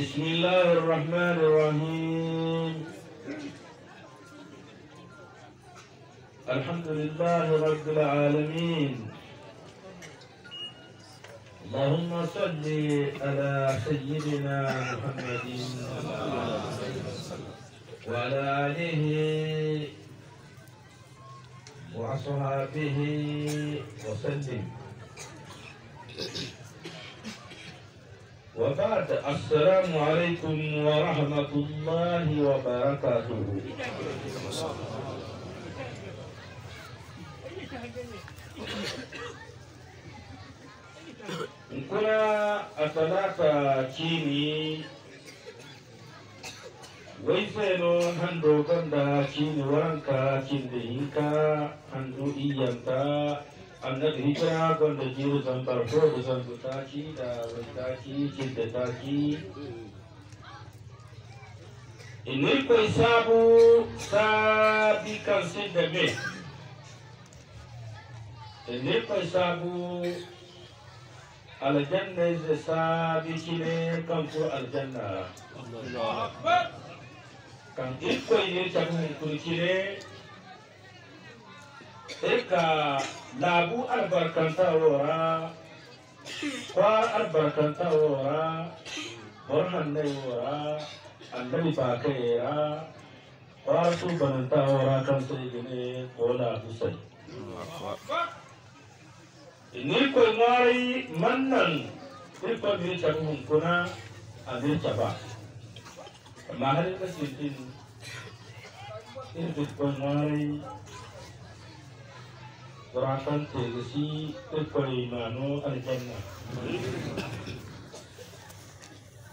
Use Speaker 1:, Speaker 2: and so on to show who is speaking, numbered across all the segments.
Speaker 1: بسم الله الرحمن الرحيم الحمد لله رب العالمين اللهم صل على سيدنا محمد وعلى آله وأصحابه وسلم وبعد السلام عليكم ورحمة الله وبركاته Kuna atalata chini wai sayanon hando ganda kini waranka kinde hinka hando iyanka annabi hijira gonda jiru zantar ko da zanzu taki da wai taki kinde taki inai koi sabu sabi kan sin da me inai koi sabu aljanna zai sabi ne kan ko aljanna Allah kandiko ile cha kumkulikire eka labu arbar kanta ora kwa arbar kanta ora borhan ne ora andami pake era kwa su bananta ora kanta igine kola kusay Niko ngari mannan Niko ngari cakung kuna Adil cakung Lahir ke sini, ikut pengai, berakan tegesi, ikut perimanu, alikannya.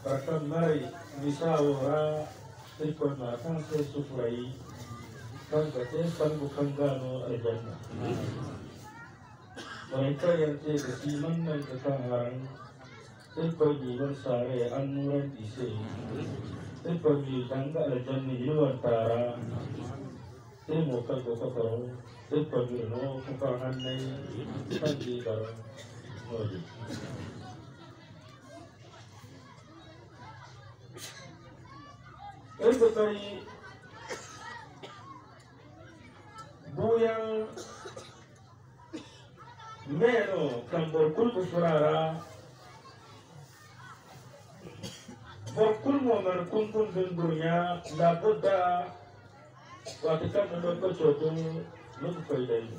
Speaker 1: Berakan mai, bisa ora, makan sesuai, kan kata kan bukan kanu, alikannya. Mereka yang tegesi, menang ketanggaran, ikut perimanu, sare, ત્રિપદી સંગલ જન યુવતારા તે મોકલ ગોપ કરો ત્રિપદી નો કુપાહન નહીં સંગી કરો મોદી
Speaker 2: એ પ્રકારે
Speaker 1: બુયા મેનો કંબોર કુલ કુસરારા فكل ومن كنتم في الدنيا لابد وتكمل البشر لطف إليه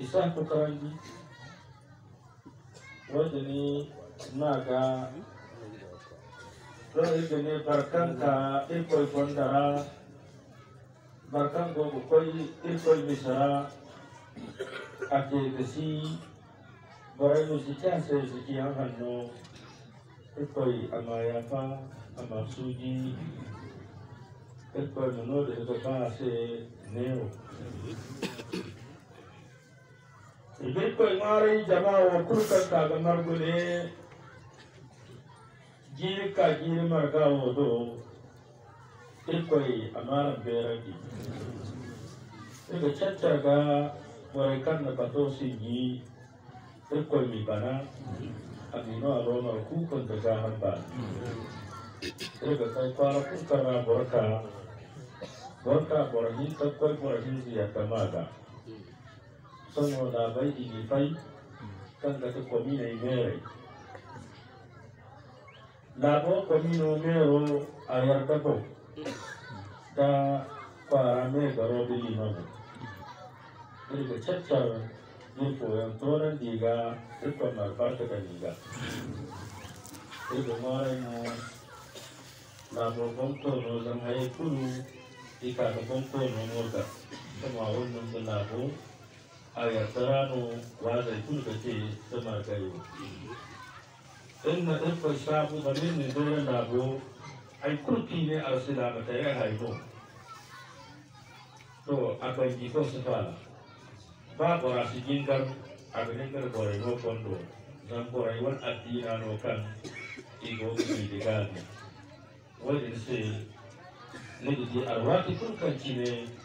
Speaker 1: إسحاق كرانجي وجني ناغا لو إجني بركان كا إيكوي فندرا بركان كو كوي إيكوي بسرا أكيد سي برأي مسيكي أنسي مسيكي أنسي Ekoi amayapa amasuji ekoi nunod ekopase neo. Ibekoi mari jama wakuka kaga margule jir ka jir marga wodo ekoi amara beragi. Ega chacha ga warekan na katosi ji ekoi mibana. Thank you. Adina arona ku kanta jahanta kai para ku karna boraka boraka borahi tatkar borahi siya tamaga sono dabai ini fai kan gata komina imere labo komino oh, mero ayartako Da para me garo di limago kaya ko nu știu, întoară în diga, ce tot mai face pe diga. Și de mare, nu, la vorbom tot, nu, să mai e cu nu, și e ca să vom tot, nu, nu, că, să mă aud, nu, când a vrut, aia săranu, vază, e cu nu, că ce, să mă arcăi eu. Înă, după șapu, să vin în dură, la vrut, ai cu tine, al să la mătăia, hai, nu. Tu, apoi, e cum să facă. babora si jingar abenengar bore no kondo nan bora yon atina no kan igo ni de gadi wajin sai ne di arwati kun kan cine